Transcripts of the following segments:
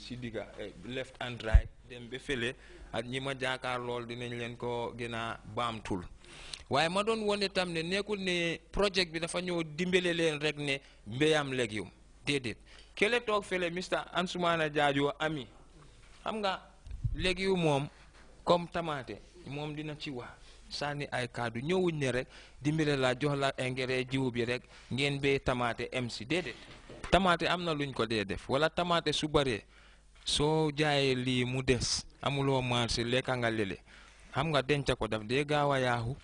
si digga eh, left and right dem ba fële ak ñi ma jaakaar lool dinañ leen ko gën a baamtul waaye ma doon wone tam ne nekkul ne projet bi dafa ñëw dimbale leen rek ne mbéyam légume déedéet kele toog fële mister Ansumana Jaajo ami xam nga légume moom comme tamaate moom dina ci wax sànni ay kaddu ñëwuñ ne rek dimbale laa jox la engrais jiw bi rek ngeen béy tamaate MC déedéet tamaate am na luñ ko dee def wala tamaate su bëree soo jaayee lii mu des amuloo marché lekka nga lele xam nga denca ko daf dee gaaw a yaaxu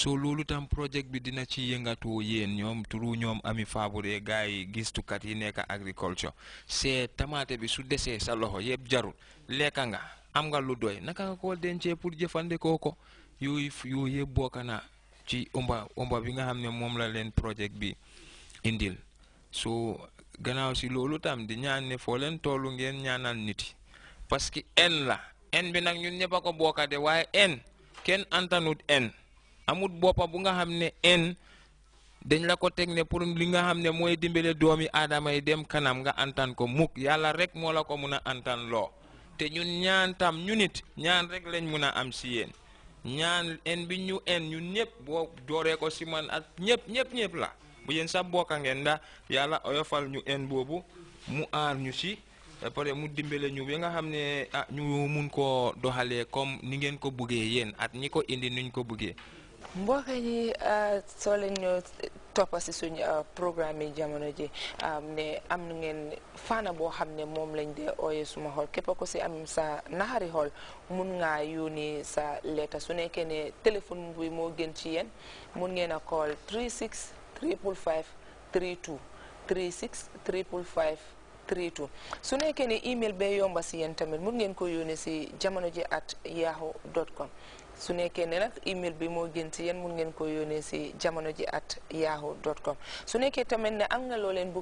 soo loolu tam projet bi dina ci yëngatoo yéen ñoom turu ñoom ami faabure gars yi gistukat yi nekk agriculture c'est tamaate bi su desee sa loxo yëpp jarul lekka nga am nga lu doy naka nga dencee pour jëfandikoo ko yooyu yooyu yëpp na ci omba omba bi nga xam ne moom la leen projet bi indil so gannaaw si loolu tam di ñaan ne foo leen toolu ngeen ñaanal nit yi parce que en la en bi nag ñun ñëpp a ko bokkate waaye en kenn antanut en amut boppa bu nga xam ne en dañ la ko teg ne pour li nga xam ne mooy dimbale doomi aadama yi dem kanam nga antan ko muk yàlla rek moo la ko mun a antan loo te ñun ñaan tam ñu nit ñaan rek lañ mun a am si yéen ñaan en bi ñu en ñu ñëpp boo dooree ko si man ak ñëpp ñëpp ñëpp la bu yéen sax bokka ngeen ndax yàlla oyofal ñu en boobu mu aar ñu si pare mu dimbale ñu bi nga xam ne a ah, ñu mun koo doxalee comme ni ngeen ko buggee yéen at ñi ko indi nuñ ko buggee mbokk yi ah, soo leen ñu toppa si suñ ah, programme yi jamono ji ne am na ngeen faana boo xam ne moom lañ dee ooyee suma xool képp ko si am sa naxari xool mun ngaa yónni sa leeta su nekkee ne téléphone bi moo gën ci yéen mun ngeen a call 36 triple five three two three six triple five three two su nekkee ni email bee yomba si yéen tamit mun ngeen ko yónnee si jamono ji at yahoo dot com su nekkee ne nag email bi moo gën si yéen mun ngeen ko yónnee si jamono ji at yahoo dot su nekkee tamit ne am nga loo leen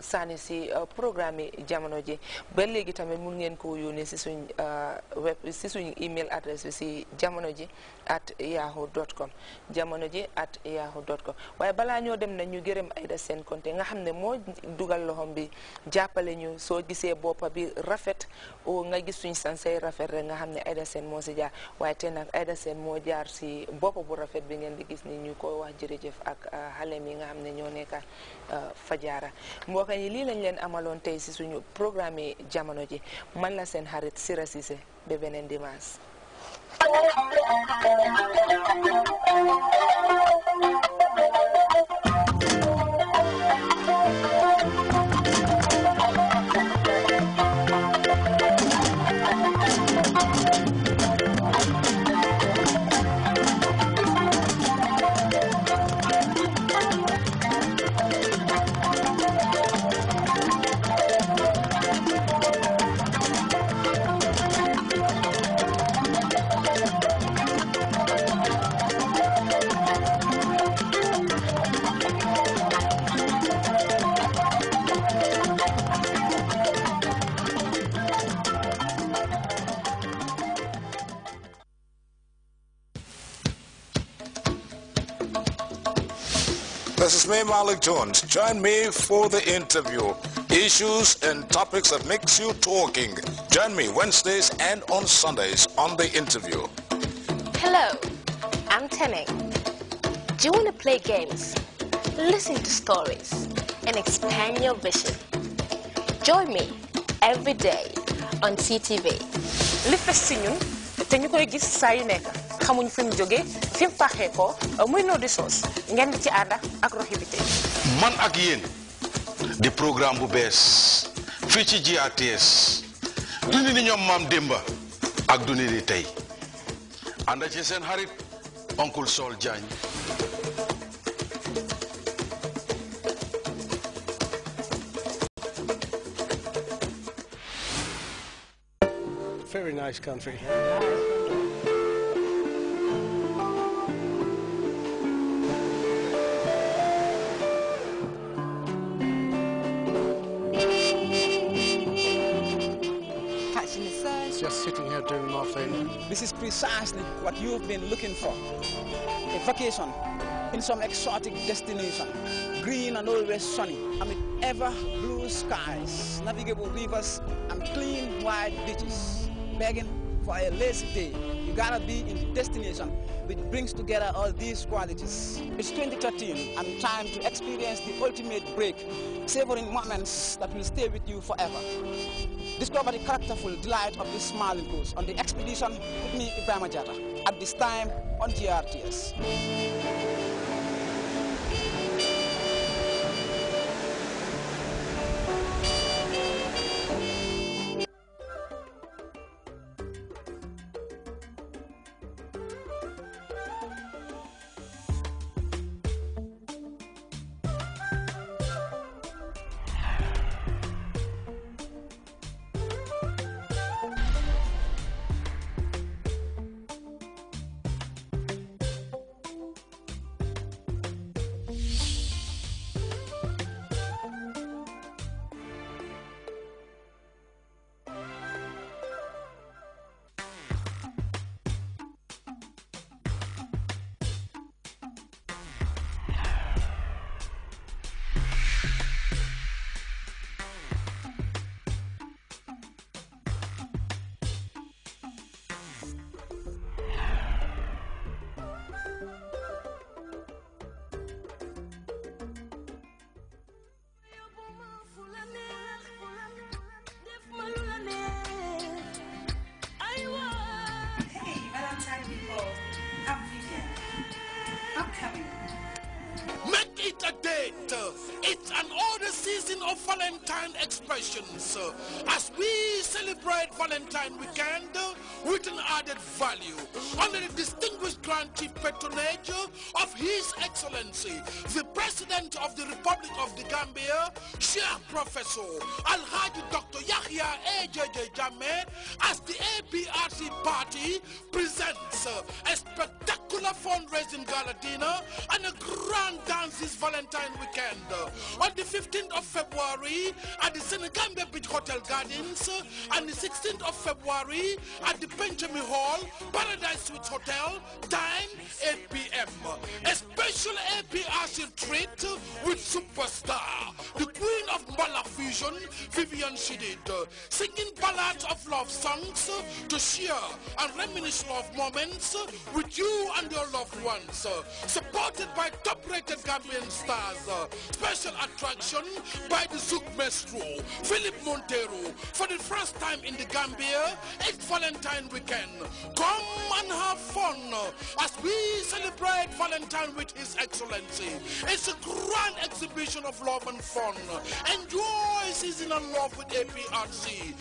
sànni si euh, programme yi jamono ji ba léegi tamit mun ngeen koo yónnee si suñ euh, web si suñ email adresse bi si jamono ji at yahoo dot com jamono ji at yahoo dot com waaye balaa ñoo dem na ñu gërëm Aida Seen Konte nga xam ne moo dugal loxom bi jàppale ñu soo gisee boppa bi rafet nga gis suñ sansey rafet rek nga xam ne Aida Seen moo si jaar waaye te nag Aida Seen moo jaar si boppa bu rafet bi ngeen di gis ni ñu ko wax jërëjëf ak euh, xale mi nga xam ne ñoo nekka fajaara mbokk yi lii lañ leen amaloon tey si suñu programme jamono ji mën la seen xarit Sira Cissé ba beneen dimaas This is me, Malik Jones. Join me for the interview. Issues and topics that makes you talking. Join me Wednesdays and on Sundays on the interview. Hello, I'm Tenny. Do you want to play games, listen to stories, and expand your vision? Join me every day on CTV. Li fess ci koy gis saa xamuñ fi joggé jógee fi mu ko euh, muy no di soos ngén ci ànd ak rohibité man ak yeen di programme bu bes fi ci GRTS dundi ni ñom mam demba ak dundi ni tay ànd ci sen harit oncle Sol Diagne very nice country. just sitting here doing nothing. This is precisely what you've been looking for. A vacation in some exotic destination. Green and always sunny. Amid ever blue skies, navigable rivers, and clean wide beaches. Begging for a lazy day. You gotta be in the destination which brings together all these qualities. It's 2013 and time to experience the ultimate break, savoring moments that will stay with you forever discover the characterful delight of this smiling ghost on the expedition with me, Ibrahim Ajata, at this time on GRTS. Valentine expressions. As we celebrate Valentine weekend with an added value under the distinguished Grand Chief patronage of His Excellency, the President of the Republic of the Gambia, Chair Professor Alhaji Dr. Yahya AJJ Jammeh, as the APRC party presents a spectacular fundraising gala dinner and a grand dance this Valentine weekend. On the 15th of February at the Senegambia Beach Hotel Gardens and the 16th of February at the Benjamin Hall, Paradise Suites Hotel, time 8 p.m. A special APRC trip with superstar, the queen of Malafusion, fusion, Vivian Shedid, singing ballads of love songs to share and reminisce love moments with you and your loved ones. Supported by top-rated Gambian stars, special attraction by the Zouk Maestro, Philip Montero, for the first time in the Gambia, it's Valentine weekend. Come and have fun as we celebrate Valentine with His Excellency. It's it's a grand exhibition of love and fun. Enjoy seasonal love with APRC.